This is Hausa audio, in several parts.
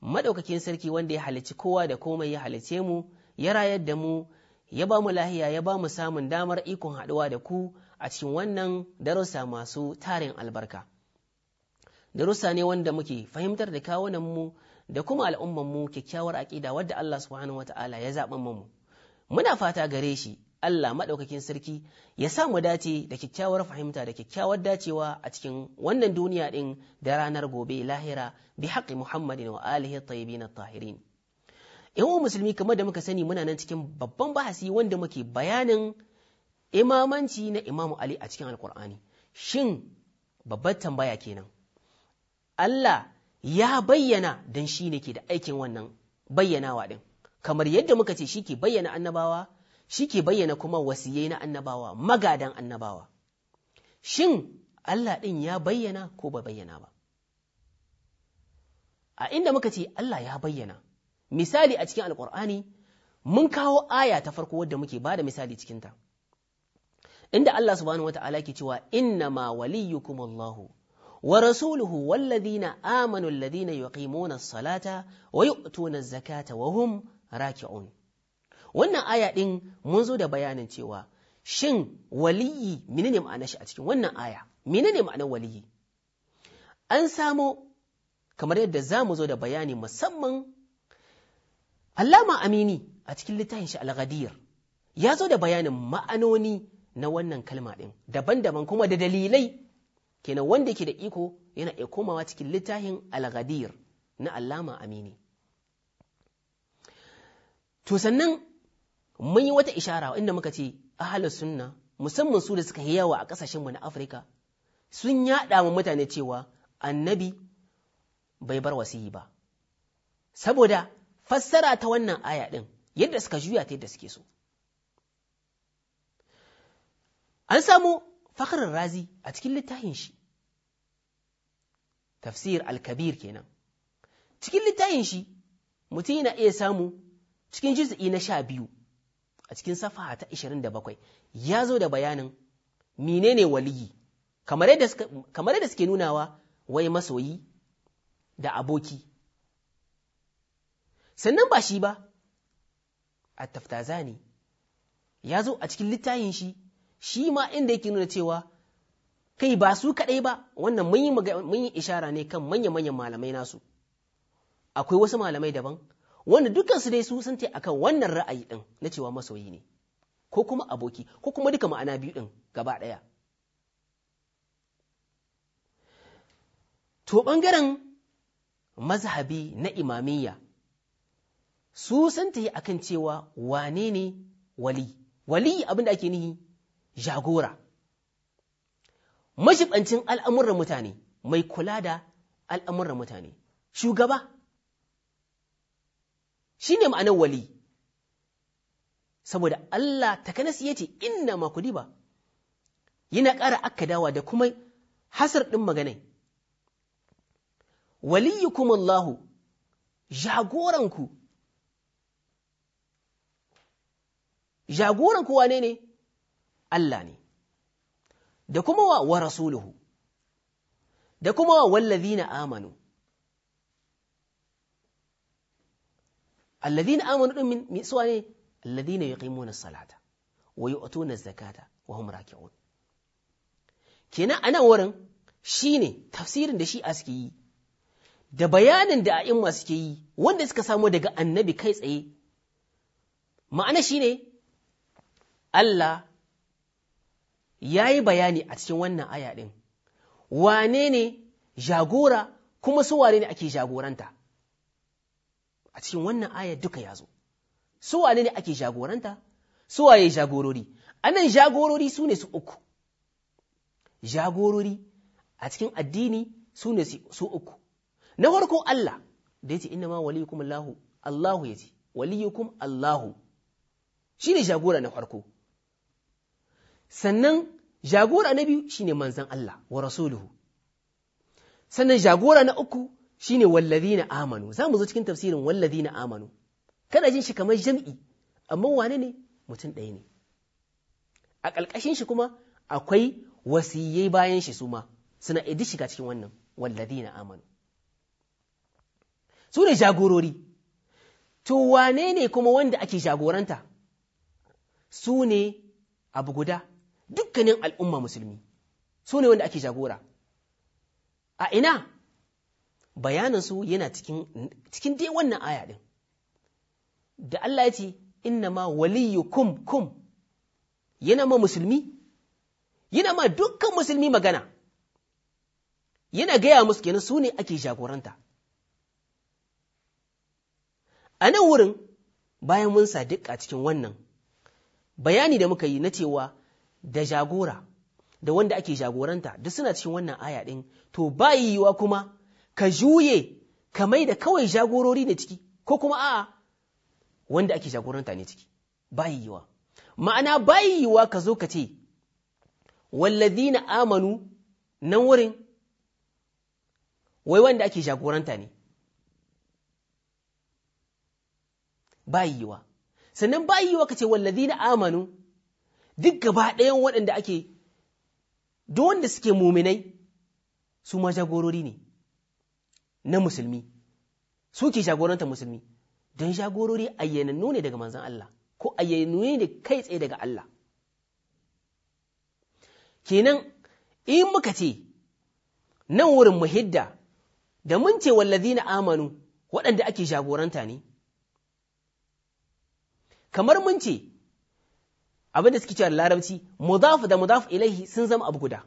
madaukakin sarki wanda ya halici kowa da komai ya halice mu ya rayar da mu ya ba mu lahiya ya ba mu samun damar ikon haɗuwa da ku a cikin wannan darussa masu tarin albarka darussa ne wanda muke fahimtar da kawunan mu da kuma al'ummar mu kyakkyawar aƙida wadda Allah subhanahu wata'ala ya zaɓa mu muna fata gare shi Allah maɗaukakin sarki ya sa mu dace da kyakkyawar fahimta da kyakkyawar dacewa a cikin wannan duniya ɗin da ranar gobe lahira bi haƙi Muhammadin wa alihi na tahirin. Yan musulmi kamar da muka sani muna nan cikin babban bahasi wanda muke bayanin imamanci na Imamu Ali a cikin Alƙur'ani. Shin babbar tambaya kenan. Allah ya bayyana don shi ne ke da aikin wannan bayyanawa ɗin. Kamar yadda muka ce shi ke bayyana annabawa shi ke bayyana kuma wasiyai na annabawa magadan annabawa shin Allah ɗin ya bayyana ko ba bayyana ba a inda muka ce Allah ya bayyana misali a cikin alkur'ani mun kawo aya ta farko wadda muke ba da misali cikinta inda Allah subhanahu wata'ala ke cewa innama waliyukum Allahu wa rasuluhu wallazina amanu alladhina yuqimuna as-salata wa yu'tuna az-zakata wa hum raki'un wannan aya ɗin mun zo da bayanin cewa shin waliyi ne ma'anar shi a cikin wannan aya ne ma'anar waliyi an samo kamar yadda za mu zo da bayani musamman allama amini a cikin littafin shi al-ghadir ya zo da bayanin ma'anoni na wannan kalma ɗin daban-daban kuma da dalilai kenan wanda ke da iko yana iya komawa cikin littafin al-ghadir na allama amini to sannan mun yi wata ishara inda muka ce ahalus sunna musamman su da suka yi yawa a kasashen mu na Afirka sun yaɗa mu mutane cewa annabi bai bar wasiyi ba saboda fassara ta wannan aya ɗin yadda suka juya ta yadda suke so an samu fakarar razi a cikin littafin shi tafsir al-kabir kenan cikin littafin shi mutum yana iya samu cikin juz'i na sha biyu a cikin safaha ta 27 ya zo da bayanin menene waliyi kamar yadda suke nunawa wai masoyi da aboki sannan ba shi ba a taftazani ya zo a cikin littayin shi shi ma inda yake nuna cewa kai ba su kaɗai ba wannan mun yi ishara ne kan manya-manyan malamai nasu akwai wasu malamai daban wanda dukansu dai su sun ce akan wannan ra'ayi ɗin na cewa masoyi ne ko kuma aboki ko kuma duka ma'ana biyu ɗin gaba ɗaya to ɓangaren mazhabi na imamiyya su sun ta yi akan cewa wane ne wali wali abin da ake nihi jagora mashibancin al'amuran mutane mai kula da al'amuran mutane shugaba shi ne ma'anar wali saboda Allah takanas ya ce inna makudi ba. Yi yana ƙara dawa da kuma hasar ɗin maganai kuma Allahu jagoranku jagoranku wane ne Allah ne da kuma wa rasuluhu da kuma wa wallazina amanu alladhina amanu din min suwa ne alladhina yuqimuna salata wa yu'tuna zakata wa hum raki'un kenan anan wurin shine tafsirin da shi suke yi da bayanin da a'imma suke yi wanda suka samo daga annabi kai tsaye ma'ana shine Allah ya yi bayani a cikin wannan aya ɗin wane ne jagora kuma su wane ne ake jagoranta a cikin wannan aya duka ya zo su wane ne ake jagoranta su waye jagorori A nan jagorori su ne su uku jagorori a cikin addini su ne su uku na farko Allah da ya ce inna ma waliyukum Allahu Allahu ya ce waliyukum Allahu shi ne jagora na farko sannan jagora na biyu shi ne manzan Allah wa rasuluhu sannan jagora na uku shine wallazina amanu za mu zo cikin tafsirin wallazina amanu kana jin shi kamar jam'i amma wane ne mutum ɗaya ne a ƙalƙashin shi kuma akwai wasiyai bayan shi su ma suna idi shiga cikin wannan wallazina amanu su ne jagorori to wane ne kuma wanda ake jagoranta su ne abu guda dukkanin al'umma musulmi su ne wanda ake jagora a ina su yana cikin dai wannan aya ɗin da Allah ya ce inna ma waliyu kum kum yana ma musulmi yana ma dukkan musulmi magana yana gaya musu kenan su ne ake jagoranta a nan wurin bayan mun duk a cikin wannan bayani da muka yi na cewa da jagora da wanda ake jagoranta da suna cikin wannan aya ɗin to ba yiwuwa kuma ka juye ka mai da kawai jagorori ne ciki ko kuma a wanda ake jagoranta ne ciki bayiwa yiwa ma'ana bayiwa yiwa ka zo ka ce na amanu nan wurin wai wanda ake jagoranta ne bayiwa yiwa sannan bayiwa yiwa ka ce na amanu duk gaba ɗayan waɗanda ake duk wanda suke muminai su ma jagorori ne na musulmi su ke jagoranta musulmi don jagorori ayyanannu ne daga manzan Allah ko ayyanannu ne kai tsaye daga Allah kenan in muka ce nan wurin muhidda da mun ce wallazi na amanu waɗanda ake jagoranta ne kamar mun ce abin suke cewa larabci mudaf da mudaf ilaihi sun zama abu guda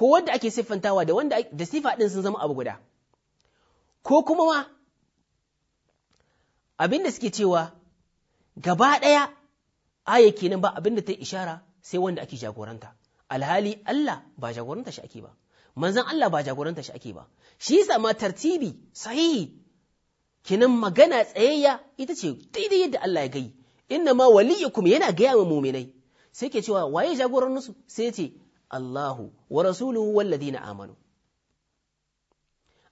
ko wanda ake siffantawa da wanda da sifa ɗin sun zama abu guda ko kuma ma abin da suke cewa gaba ɗaya aya kenan ba abin da ta ishara sai wanda ake jagoranta alhali Allah ba jagoranta shi ake ba manzon Allah ba jagoranta shi ake ba shi yasa ma tartibi sahihi kenan magana tsayayya ita ce daidai yadda Allah ya gai inna ma waliyakum yana gaya ma muminai sai ke cewa waye jagoran nusu sai ce Allahu wa rasuluhu walladhina amanu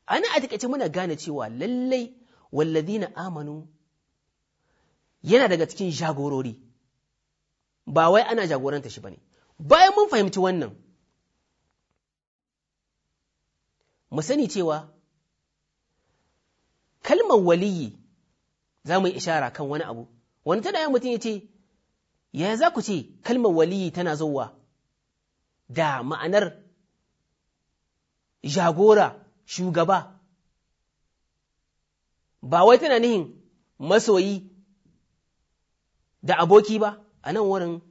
ana a takaice muna gane cewa lallai walladhina amanu yana daga cikin jagorori ba wai ana jagoranta shi bane bayan mun fahimci wannan mu sani cewa kalmar waliyyi za mu ishara kan wani abu wani tana yin mutum ya ce ya za ku ce kalmar waliyyi tana zowa da ma'anar jagora shugaba ba wai tana nihin masoyi da aboki ba a nan wurin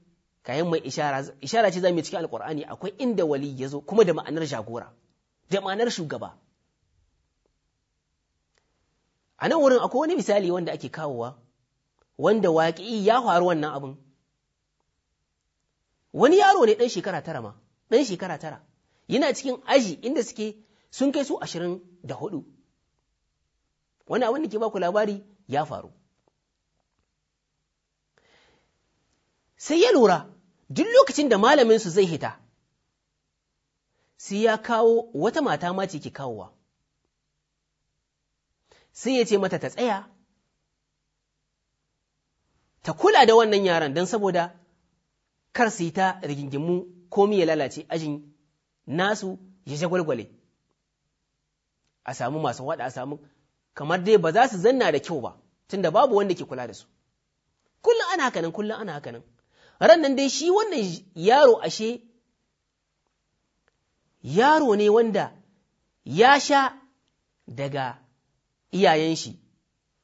kayan mai ishara ishara ce za mu cikin alkur'ani akwai inda wali ya zo kuma da ma'anar jagora da ma'anar shugaba a nan wurin akwai wani misali wanda ake kawowa wanda waƙi ya faru wannan abin wani yaro ne ɗan shekara tara ma ɗan shekara tara yana cikin aji inda suke sun kai su ashirin da hudu wani abin da ke baku labari ya faru sai ya lura duk lokacin da malaminsu zai hita sai ya kawo wata mata ma ce ke kawowa sai ya ce mata ta tsaya ta kula da wannan yaran don saboda kar su yi ta rigingimu komi ya lalace ajin nasu ya gwalgwale a samu masu waɗa a samu kamar dai ba za su zanna da kyau ba tunda babu wanda ke kula da su kullum ana haka kullum ana haka nan ran dai shi wannan yaro ashe yaro ne wanda ya sha daga iyayen shi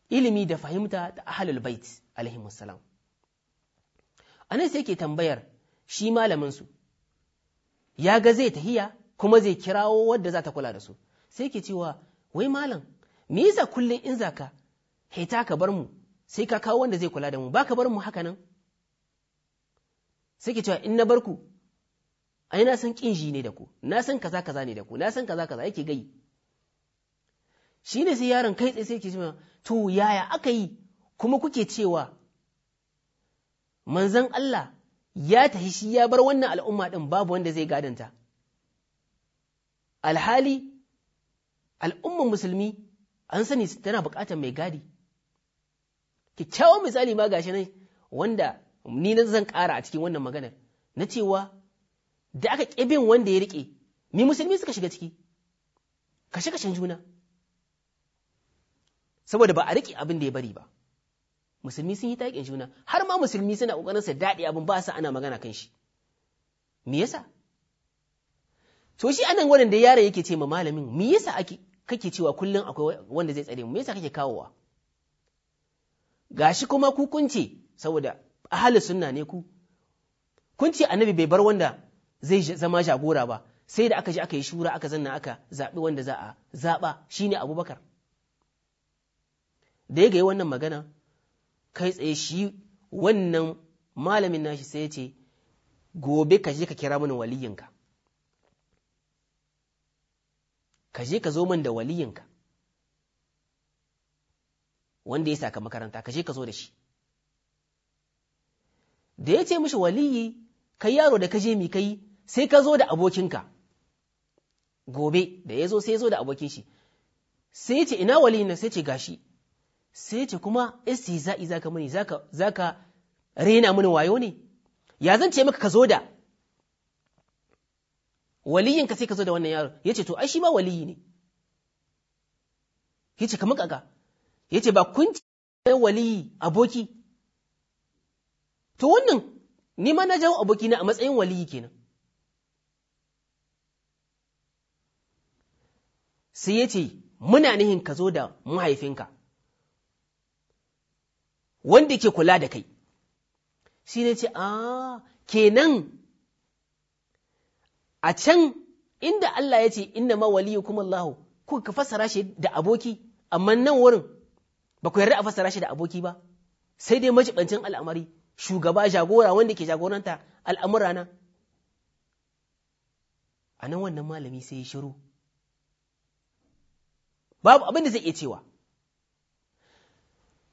ilimi da fahimta da ahalul bait alaihi salam anan sai ke tambayar shi malamin su ya ga zai tahiya kuma zai kirawo wadda za ta kula da su sai ke cewa wai malam me yasa kullum in ka? heta ka bar mu sai ka kawo wanda zai kula da mu ba ka bar mu haka nan sai ke cewa in na bar ku ai na san kinji ne da ku na san kaza kaza ne da ku na san kaza kaza yake gai shi ne sai yaron kai tsaye sai ke cewa to yaya aka yi kuma kuke cewa manzon Allah ya tahi shi ya bar wannan al'umma ɗin babu wanda zai gadanta alhali al'umman musulmi an sani tana buƙatar mai gadi kyakkyawan misali ma gashi nan wanda ni na zan ƙara a cikin wannan maganar na cewa da aka ƙibin wanda ya riƙe ni musulmi suka shiga ciki kashe-kashen juna saboda ba a riƙe abin da ya bari ba musulmi sun yi taƙin juna har ma musulmi suna ƙoƙarin su daɗi abin ba su ana magana kan shi me yasa to shi anan wannan da yaro yake ce ma malamin me yasa ake kake cewa kullum akwai wanda zai tsare mu me yasa kake kawowa gashi kuma ku kunce saboda ahli sunna ne ku kunce annabi bai bar wanda zai zama jagora ba sai da aka ji aka yi shura aka zanna aka zaɓi wanda za a zaɓa shine abubakar da ya gayi wannan magana kai tsaye shi wannan malamin nashi sai ya ce gobe ka je ka kira mana waliyinka ka je ka zo min da waliyinka wanda ya saka makaranta ka je ka zo da shi da ya ce mishi waliyi kai yaro da ka je mi kai sai ka zo da abokinka gobe da ya zo sai ya zo da abokin shi sai ce ina waliyin sai ce gashi sai ce kuma isi eh, za'i zaka za zaka rena mini wayo ne ya zan ce maka ka zo da waliyin ka sai ka zo da wannan yaro yace to ai shi ma waliyi ne yace kamar kaga yace ba kun ce waliyi aboki to wannan ni ma na jawo aboki na a matsayin waliyi kenan sai yace muna nihin ka zo da mahaifinka wanda ke kula da kai shi ne ce a ah, kenan a can inda Allah ya ce inna ma waliyu kuma Allah ka fassara shi da aboki amma nan wurin ba ku yarda a fassara shi da aboki ba sai dai majibancin al'amari shugaba jagora wanda ke jagoranta al'amura na a nan wannan malami sai ya shiru babu abin da zai iya cewa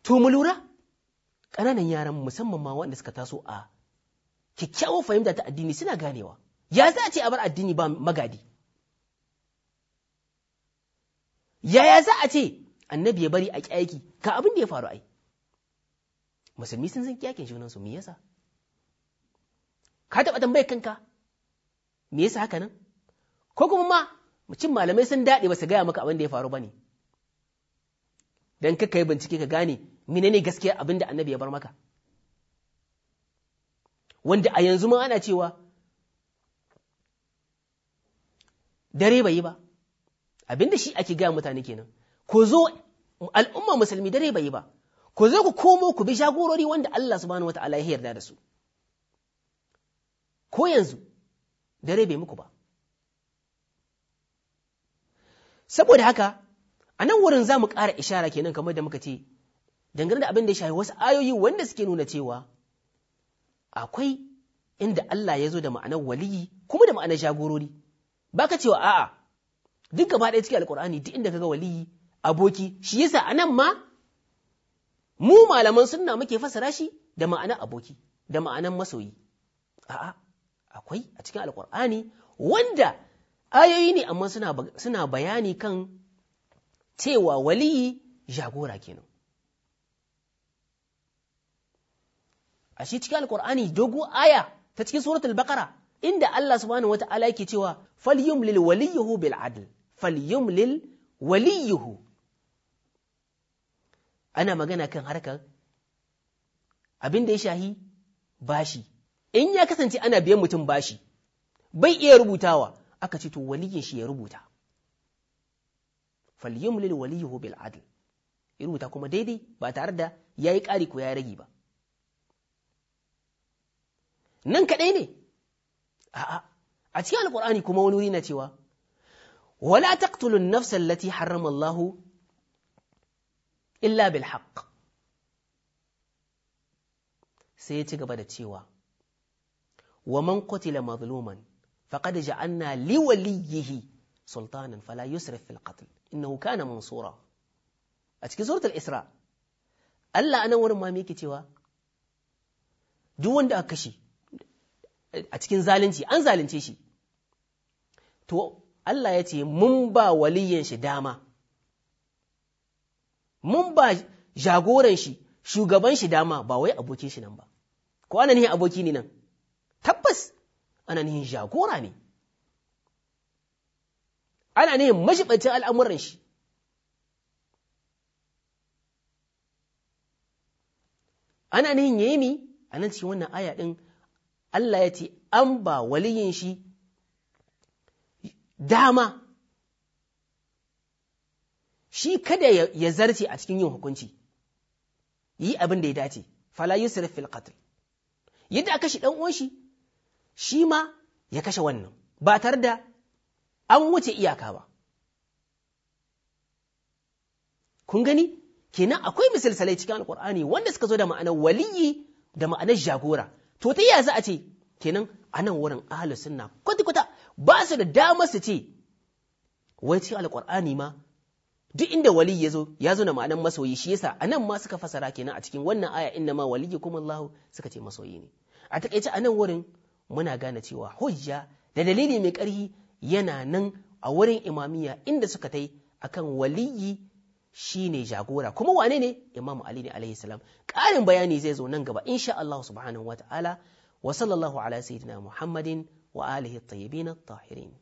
to mu lura ƙananan yaran musamman ma waɗanda suka taso a kyakkyawan fahimta ta addini suna ganewa ya za a ce a bar addini ba magadi yaya za a ce annabi ya bari a kyaki ka abin da ya faru ai musulmi sun zan kyakin junansu me yasa ka taɓa tambayar kanka me yasa haka nan ko kuma ma mutum malamai sun daɗe ba su gaya maka abin da ya faru ba ne don kai yi bincike ka gane ne gaskiya abin da annabi ya bar maka wanda a yanzu ma ana cewa dare bai yi ba abin shi ake gaya mutane kenan ko zo al'umma musulmi dare bai yi ba ko zo ku komo ku bi shagorori wanda Allah subhanahu wata'ala ya yarda da su ko yanzu dare bai muku ba saboda haka a nan wurin za mu ƙara ishara kenan kamar da muka ce dangane da abin da ya shafi wasu ayoyi wanda suke nuna cewa akwai inda Allah ya zo da ma'anar waliyi kuma da ma'anar jagorori ba ka cewa a'a duk gaba ɗaya cikin alkur'ani duk inda kaga waliyi aboki shi yasa anan ma mu malaman sunna muke fasara shi da ma'anar aboki da ma'anar masoyi a'a akwai a cikin alkur'ani wanda ayoyi ne amma suna bayani kan cewa waliyi jagora kenan a shi cikin alkur'ani dogo aya ta cikin suratul baqara inda Allah subhanahu wata'ala yake cewa falyum lil waliyuhu bil adl lil waliyuhu ana magana kan harkar abin da ya shahi bashi in ya kasance ana biyan mutum bashi bai iya rubutawa aka ce to waliyin shi ya rubuta lil waliyuhu bil adl ya rubuta kuma daidai ba tare da yayi ƙari ko ya rage ba nan kaɗai ne a'a a cikin alƙur'ani kuma wani wuri na cewa wala taktulun nafsan lati harrama illa bil sai ya ci gaba da cewa wa man qutila mazluman faqad ja'alna li waliyhi sultanan fala yusrif fil qatl innahu kana mansura a cikin suratul isra Allah anan wurin ma cewa duk wanda aka kashe a cikin zalunci an zalunce shi to Allah ya ce mun ba waliyan shi dama mun ba jagoran shi shugaban shi dama ba wai abokin shi nan ba ko ana nihin aboki ne nan tabbas ana nihin jagora ne ana nihin mashiɓacin al'amuran shi ana nihin yemi a nan cikin wannan aya ɗin Allah ya ce an ba waliyin shi dama shi kada ya zarce a cikin yin hukunci yi abin da ya dace fala yusuf fil qatl yadda aka shi dan uwan shi shi ma ya kashe wannan ba tar da an wuce iyaka ba kun gani kenan akwai misalsalai cikin alkur'ani wanda suka zo da ma'anar waliyi da ma'anar jagora to ta za a ce kenan a nan wurin ahlus sunna kwata-kwata ba su da damar su ce wai cikin alƙur'ani ma duk inda wali ya zo ya zo na ma'anar masoyi shi yasa a nan ma suka fasara kenan a cikin wannan aya inna ma waliyyi kuma Allah suka ce masoyi ne a takaice a nan wurin muna gane cewa hujja da dalili mai ƙarfi yana nan a wurin imamiya inda suka tai akan waliyyi. shi ne jagora kuma wane ne imamu ali ne alaihi salam ƙarin bayani zai zo nan gaba insha Allah subhanahu wa ta'ala wa sallallahu ala sayyidina muhammadin wa alihi tayyibin tahirin